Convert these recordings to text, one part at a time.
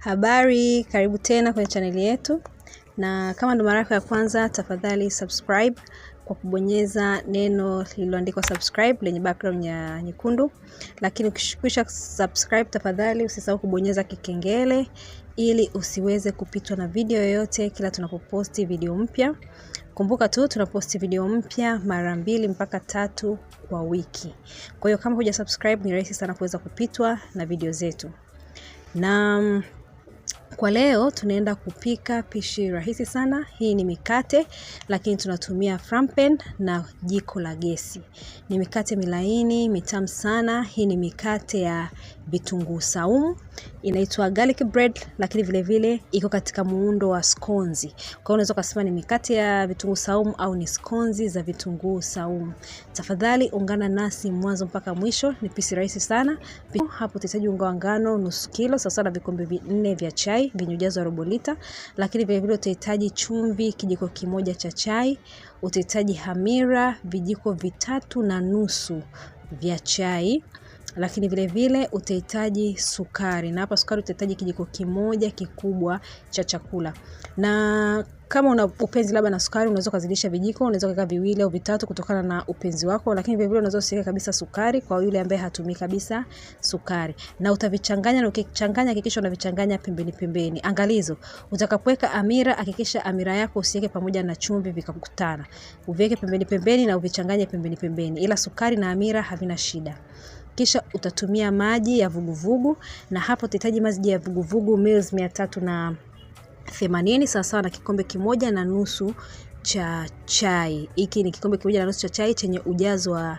Habari, karibu tena kwenye chaneli yetu, na kama ndo mara yako ya kwanza, tafadhali subscribe kwa kubonyeza neno lililoandikwa subscribe lenye background ya nyekundu. Lakini ukishukisha subscribe, tafadhali usisahau kubonyeza kikengele ili usiweze kupitwa na video yoyote kila tunapoposti video mpya. Kumbuka tu tunaposti video mpya mara mbili mpaka tatu kwa wiki. Kwa hiyo kama huja subscribe, ni rahisi sana kuweza kupitwa na video zetu na kwa leo tunaenda kupika pishi rahisi sana. Hii ni mikate lakini tunatumia frampen na jiko la gesi. Ni mikate milaini, mitamu sana. Hii ni mikate ya vitunguu saumu inaitwa garlic bread, lakini vile vile iko katika muundo wa skonzi. Kwa hiyo unaweza kusema ni mikate ya vitunguu saumu au ni skonzi za vitunguu saumu. Tafadhali ungana nasi mwanzo mpaka mwisho, ni pisi rahisi sana. Hapo utahitaji unga wa ngano nusu kilo sawasawa na vikombe vinne vya chai vyenye ujazo wa robo lita, lakini vile vile utahitaji chumvi kijiko kimoja cha chai, utahitaji hamira vijiko vitatu na nusu vya chai lakini vile vile utahitaji sukari, na hapa sukari utahitaji kijiko kimoja kikubwa cha chakula. Na kama una upenzi labda na sukari, unaweza kuzidisha vijiko, unaweza kuweka viwili au vitatu kutokana na upenzi wako, lakini vile vile unaweza usiweke kabisa sukari kwa yule ambaye hatumii kabisa sukari. Na utavichanganya, na ukichanganya hakikisha unavichanganya pembeni pembeni. Angalizo, utakapoweka amira hakikisha amira yako usiweke pamoja na chumvi vikakutana. Uviweke pembeni pembeni na uvichanganye pembeni pembeni. Ila sukari na amira havina shida. Kisha utatumia maji ya vuguvugu na hapo utahitaji maji ya vuguvugu mils mia tatu na themanini sawasawa na kikombe kimoja na nusu cha chai. Hiki ni kikombe kimoja na nusu cha chai chenye ujazo wa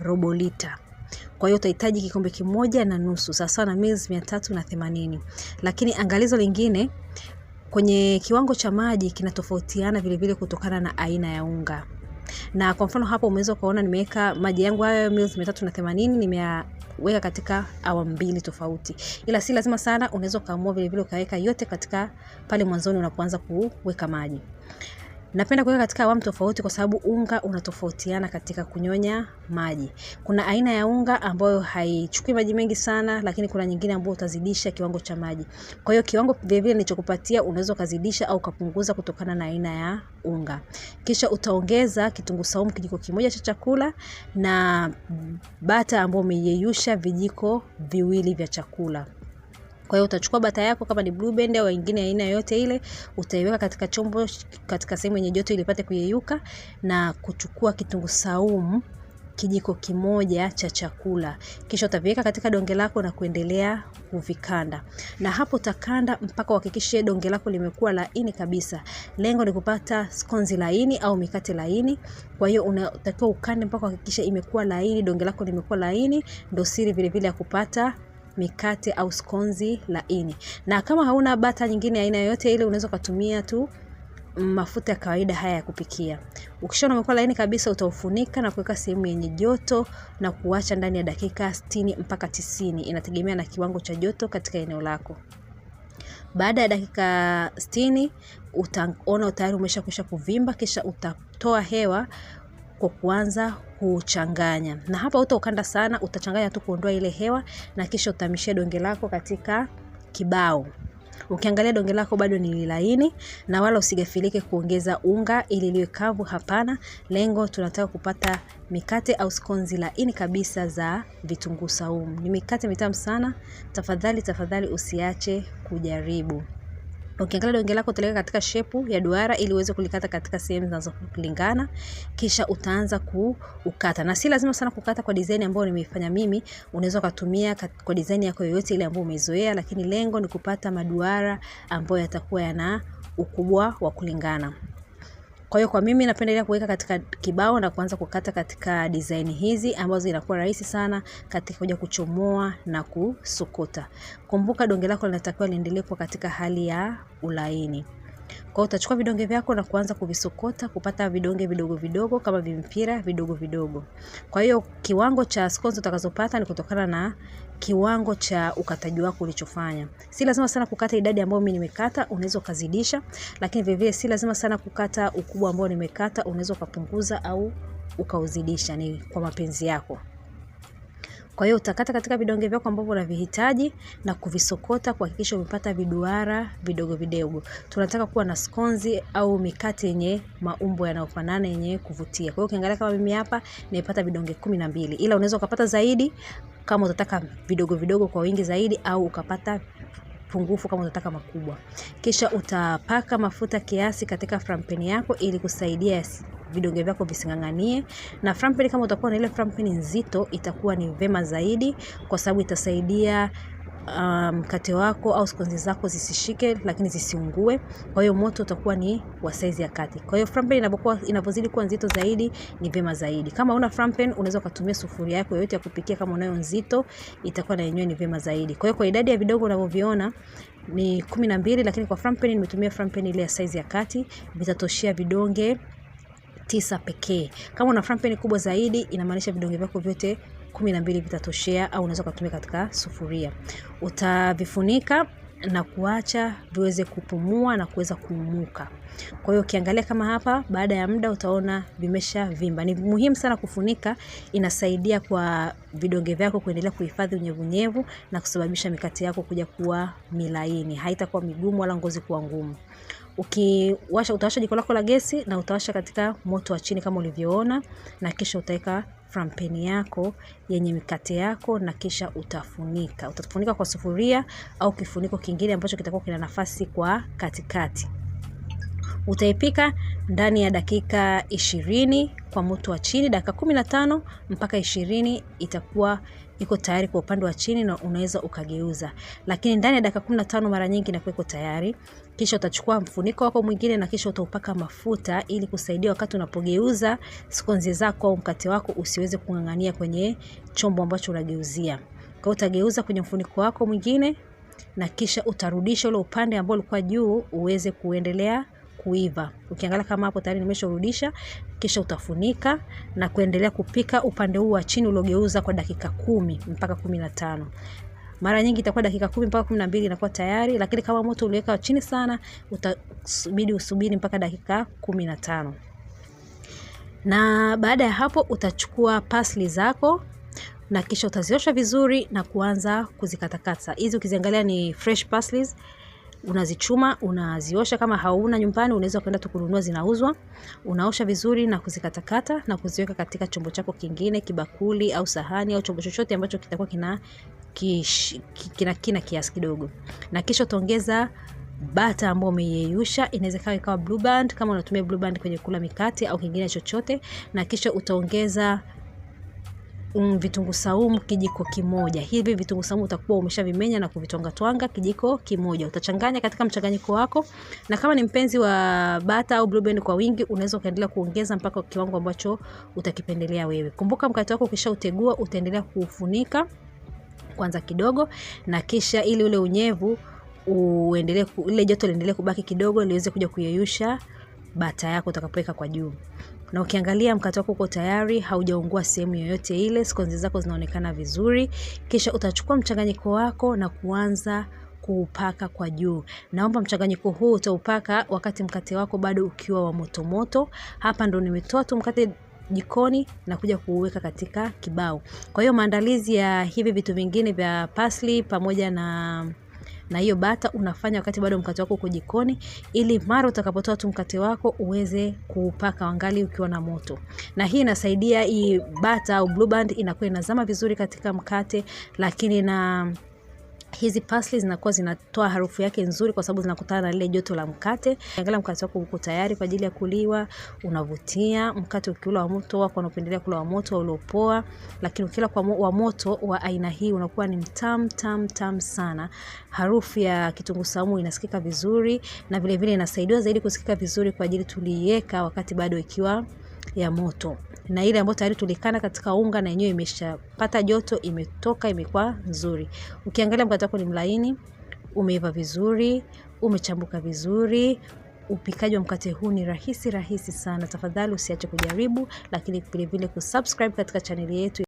robo lita. Kwa hiyo utahitaji kikombe kimoja na nusu sawasawa na mils mia tatu na themanini. Lakini angalizo lingine kwenye kiwango cha maji kinatofautiana vilevile kutokana na aina ya unga na kwa mfano hapo umeweza ukaona nimeweka maji yangu hayo mils mia tatu na themanini nimeweka katika awa mbili tofauti, ila si lazima sana, unaweza ukaamua vilevile ukaweka yote katika pale mwanzoni unapoanza kuweka maji. Napenda kuweka katika awamu tofauti kwa sababu unga unatofautiana katika kunyonya maji. Kuna aina ya unga ambayo haichukui maji mengi sana, lakini kuna nyingine ambayo utazidisha kiwango cha maji. Kwa hiyo kiwango vilevile nilichokupatia unaweza ukazidisha au ukapunguza kutokana na aina ya unga. Kisha utaongeza kitunguu saumu kijiko kimoja cha chakula na bata ambayo umeiyeyusha vijiko viwili vya chakula. Kwa hiyo utachukua bata yako kama ni blue band au nyingine aina yoyote ile, utaiweka katika chombo, katika sehemu yenye joto ili ipate kuyeyuka na kuchukua kitunguu saumu kijiko kimoja cha chakula, kisha utaviweka katika donge lako na kuendelea kuvikanda, na hapo utakanda mpaka uhakikishe donge lako limekuwa laini kabisa. Lengo ni kupata skonzi laini au mikate laini. Kwa hiyo unatakiwa ukande mpaka uhakikishe imekuwa laini, donge lako limekuwa laini. Ndio siri vilevile ya kupata mikate au skonzi laini. Na kama hauna bata nyingine aina yoyote ile, unaweza ukatumia tu mafuta ya kawaida haya ya kupikia. Ukishaona umekuwa laini kabisa, utaufunika na kuweka sehemu yenye joto na kuacha ndani ya dakika sitini mpaka tisini inategemea na kiwango cha joto katika eneo lako. Baada ya dakika sitini utaona tayari umeshakwisha kuvimba, kisha utatoa hewa kwa kuanza kuchanganya, na hapa hutaukanda sana, utachanganya tu kuondoa ile hewa, na kisha utamishia donge lako katika kibao. Ukiangalia donge lako bado ni laini, na wala usigafilike kuongeza unga ili liwe kavu. Hapana, lengo tunataka kupata mikate au skonzi laini kabisa za vitunguu saumu. Ni mikate mitamu sana, tafadhali tafadhali usiache kujaribu na ukiangalia donge lako utaliweka katika shepu ya duara ili uweze kulikata katika sehemu zinazolingana, kisha utaanza kuukata. Na si lazima sana kukata kwa design ambayo nimeifanya mimi, unaweza kutumia kwa design yako yoyote ile ambayo umezoea, lakini lengo ni kupata maduara ambayo yatakuwa yana ukubwa wa kulingana. Kwa hiyo kwa mimi napendelea kuweka katika kibao na kuanza kukata katika design hizi ambazo inakuwa rahisi sana katika kuja kuchomoa na kusokota. Kumbuka donge lako linatakiwa liendelee kuwa katika hali ya ulaini. Kwa utachukua vidonge vyako na kuanza kuvisokota kupata vidonge vidogo vidogo kama vimpira vidogo vidogo. Kwa hiyo kiwango cha scones utakazopata ni kutokana na kiwango cha ukataji wako ulichofanya. Si lazima sana kukata idadi ambayo mimi nimekata, unaweza ukazidisha, lakini vile vile si lazima sana kukata ukubwa ambao nimekata, unaweza ukapunguza au ukauzidisha, ni kwa mapenzi yako. Kwa hiyo utakata katika vidonge vyako ambavyo unavihitaji na kuvisokota kuhakikisha umepata viduara vidogo vidogo. Tunataka kuwa na skonzi au mikate yenye maumbo yanayofanana yenye kuvutia. Kwa hiyo ukiangalia kama mimi hapa nimepata vidonge kumi na mbili, ila unaweza ukapata zaidi kama utataka vidogo vidogo kwa wingi zaidi au ukapata mapungufu kama unataka makubwa. Kisha utapaka mafuta kiasi katika frampeni yako ili kusaidia vidonge vyako vising'ang'anie, na frampeni kama utakuwa na ile frampeni nzito itakuwa ni vema zaidi, kwa sababu itasaidia Um, mkate um, wako au skonzi zako zisishike, lakini zisiungue. Kwa hiyo moto utakuwa ni wa saizi ya kati. Kwa hiyo frampen inapokuwa inapozidi kuwa nzito zaidi ni vema zaidi. Kama una frampen unaweza kutumia sufuria yako yoyote ya kupikia, kama unayo nzito itakuwa na yenyewe ni vema zaidi. Kwa hiyo kwa idadi ya vidogo unavyoviona ni kumi na mbili, lakini kwa frampen nimetumia frampen ile ya saizi ya kati, vitatoshea vidonge tisa pekee. Kama una frampen kubwa zaidi, inamaanisha vidonge vyako vyote 12 vitatoshea, au unaweza kutumia katika sufuria. Utavifunika na kuacha viweze kupumua na kuweza kuumuka. Kwa hiyo ukiangalia kama hapa, baada ya muda utaona vimesha vimba. Ni muhimu sana kufunika, inasaidia kwa vidonge vyako kuendelea kuhifadhi unyevunyevu na kusababisha mikate yako kuja kuwa milaini, haitakuwa migumu wala ngozi kuwa ngumu. Ukiwasha, utawasha jiko lako la gesi na utawasha katika moto wa chini kama ulivyoona, na kisha utaweka frampeni yako yenye mikate yako na kisha utafunika. Utafunika kwa sufuria au kifuniko kingine ambacho kitakuwa kina nafasi kwa katikati. Utaipika ndani ya dakika ishirini kwa moto wa chini, dakika kumi na tano mpaka ishirini itakuwa iko tayari kwa upande wa chini na unaweza ukageuza, lakini ndani ya dakika kumi na tano mara nyingi inakuwa iko tayari. Kisha utachukua mfuniko wako mwingine na kisha utaupaka mafuta ili kusaidia wakati unapogeuza skonzi zako au mkate wako usiweze kung'ang'ania kwenye chombo ambacho unageuzia. Kwa hiyo utageuza kwenye mfuniko wako mwingine na kisha utarudisha ule upande ambao ulikuwa juu uweze kuendelea kuiva. Ukiangalia kama hapo tayari nimesharudisha, kisha utafunika na kuendelea kupika upande huu wa chini uliogeuza kwa dakika kumi mpaka kumi na tano. Mara nyingi itakuwa dakika kumi mpaka kumi na mbili inakuwa tayari, lakini kama moto uliweka chini sana, utasubiri usubiri mpaka dakika kumi na tano na baada ya hapo utachukua pasli zako na kisha utaziosha vizuri na kuanza kuzikatakata. Hizi ukiziangalia ni fresh parsley unazichuma, unaziosha. Kama hauna nyumbani, unaweza kwenda tu kununua, zinauzwa. Unaosha vizuri na kuzikatakata na kuziweka katika chombo chako kingine, kibakuli au sahani au chombo chochote ambacho kitakuwa kina kish, kina, kina kiasi kidogo, na kisha utaongeza bata ambayo umeiyeyusha. Inaweza kawa ikawa blue band, kama unatumia blue band kwenye kula mikate au kingine chochote, na kisha utaongeza um, vitungu saumu kijiko kimoja. Hivi vitungu saumu utakuwa umeshavimenya na kuvitwanga twanga kijiko kimoja. Utachanganya katika mchanganyiko wako, na kama ni mpenzi wa bata au blue band kwa wingi, unaweza ukaendelea kuongeza mpaka kiwango ambacho utakipendelea wewe. Kumbuka mkate wako utegua, utaendelea kuufunika kwanza kidogo, na kisha ili ule unyevu uendelee, ile joto liendelee kubaki kidogo liweze kuja kuyeyusha bata yako utakapoweka kwa juu na ukiangalia mkate wako uko tayari, haujaungua sehemu yoyote ile, skonzi zako zinaonekana vizuri. Kisha utachukua mchanganyiko wako na kuanza kuupaka kwa juu. Naomba mchanganyiko huu utaupaka wakati mkate wako bado ukiwa wa moto moto. Hapa ndo nimetoa tu mkate jikoni na kuja kuuweka katika kibao. Kwa hiyo maandalizi ya hivi vitu vingine vya parsley pamoja na na hiyo bata unafanya wakati bado mkate wako uko jikoni, ili mara utakapotoa tu mkate wako uweze kuupaka wangali ukiwa na moto. Na hii inasaidia hii bata au blue band inakuwa inazama vizuri katika mkate, lakini na hizi pasli zinakuwa zinatoa harufu yake nzuri kwa sababu zinakutana na lile joto la mkate. Angalia mkate wako uko tayari kwa ajili ya kuliwa, unavutia. Mkate ukiula wa moto wako unapendelea kula wa moto au uliopoa, lakini ukila kwa wa moto wa aina hii unakuwa ni mtamu tamu tamu sana. Harufu ya kitunguu saumu inasikika vizuri na vile vile inasaidia zaidi kusikika vizuri kwa ajili tuliiweka wakati bado ikiwa ya moto na ile ambayo tayari tulikana katika unga na yenyewe imeshapata joto, imetoka, imekuwa nzuri. Ukiangalia mkate wako ni mlaini, umeiva vizuri, umechambuka vizuri. Upikaji wa mkate huu ni rahisi rahisi sana. Tafadhali usiache kujaribu, lakini vilevile kusubscribe katika chaneli yetu.